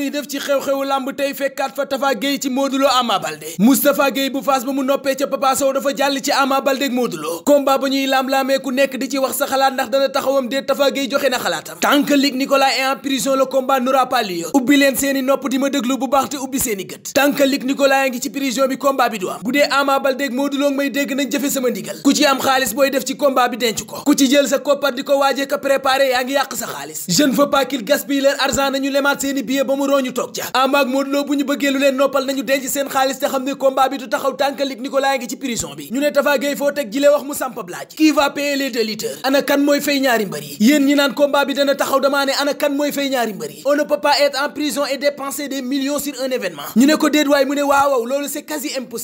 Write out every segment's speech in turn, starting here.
ñuy def ci xew-xewu làmb tey fekkaat fa Tapha Gueye ci Modou Lo Ama Baldé en prison le combat n'aura ubbi leen seeni nopp di ma déglu bu baax te ubbi seeni gët tant que Luc ngi ci prison bi combat bi du am bu dee Ama Baldé ak Modou may dégg nañ jëfe sama ndigal ku ci am xaalis booy def ci combat bi denc ko ku ci jël sa koppar di ko waajee ka yaa ngi yàq sa xaalis je ne veux pas qu'il nañu lemaat seeni billet ba mu Modou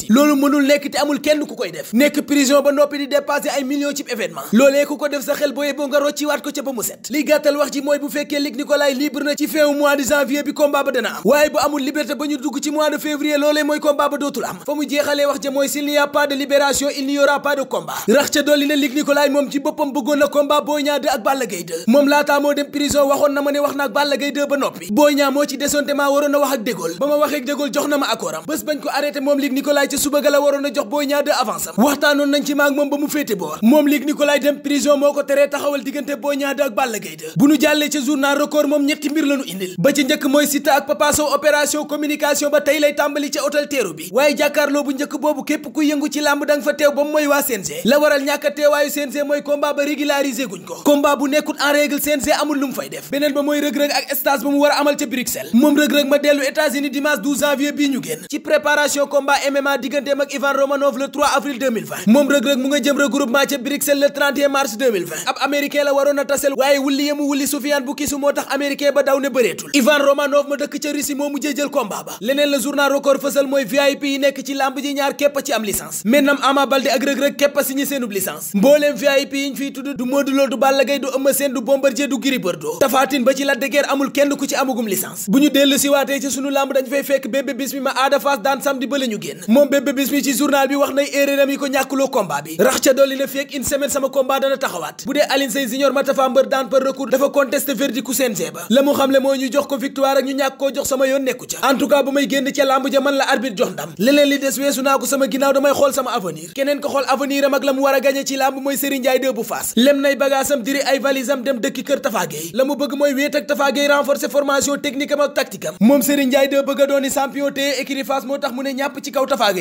Lo ñu loolu mënul nekk te amul kenn ku koy def nekk prison ba noppi di dépasser ay millions ci événement loolee ku ko def sa xel booyee boo nga rocciwaat ko ca ba mu set li gàttal wax ji mooy bu fekkee Luc Nicolaï libre na ci fin mois de janvier bi combat combat waaye bu amul liberté ba ñu dugg ci mois de février loolee mooy combat ba dootul am fa mu jeexalee wax ja mooy s'il pas de libération il n'y pas de combat rax ca dolli na Luc Nicolaï moom ci boppam bëggoon na combat Boy Niang ak Balla Gaye moom laataa dem prison waxoon na ma ne wax na ak Balla Gaye ba noppi Boy Niang moo ci desoon te maa waroon wax ak Dégol ba ma waxee ak jox na ma accord bés bañ ko arrêté moom Luc Nicolaï ca Siteu ak Papa Sow opération communication ba tey lay tàmbali ca hôtel teeru bi waaye jàkkaarloo bu njëkk boobu képp ku yëngu ci làmb danga fa teew ba mu mooy waa CNG la waral ñàkk teewaayu CNG mooy combat ba régularisé guñ ko combat bu nekkut en règle CNG amul lu mu fay def beneen ba mooy rëg-rëg ak stage ba mu war amal ca Bruxelles moom rëg-rëg ma dellu États-Unis janvier bii ñu génn ci préparation combat MMA digganteem ak Ivan Romanov le avril ba fay fekk Bébé Bismi ma Ada Fass daan samedi ba la génn moom Bébé Bismi ci journal bi wax nay erreuram yi ko ñàkkuloo combat bi rax ca dolli na fekk une semaine sama combat dana taxawaat bu dee Aline Sèye Junior ma Tapha Mbeur daan par recours dafa contesté verdict ku CNG ba la mu xamle mooy ñu jox ko victoire ak ñu ñàkk koo jox sama yoon nekku ca en tout ba may génn ca làmb ja la arbitre jox ndam leneen li des weesu naa ko sama ginnaaw damay xool sama avenir keneen ko xool avenir ak la mu war a gañe ci làmb mooy Serigne Ndiaye 2 bu faas lem nay bagaasam diri ay valise dem dëkki kër Tafa Gueye la mu bëgg mooy wéet ak Tafa Gueye renforcer formation technique ak tactique moom Serigne Ndiaye 2 bëgg a dooni champion te écurie Fass moo tax mu ne ñàpp ci kaw Tafa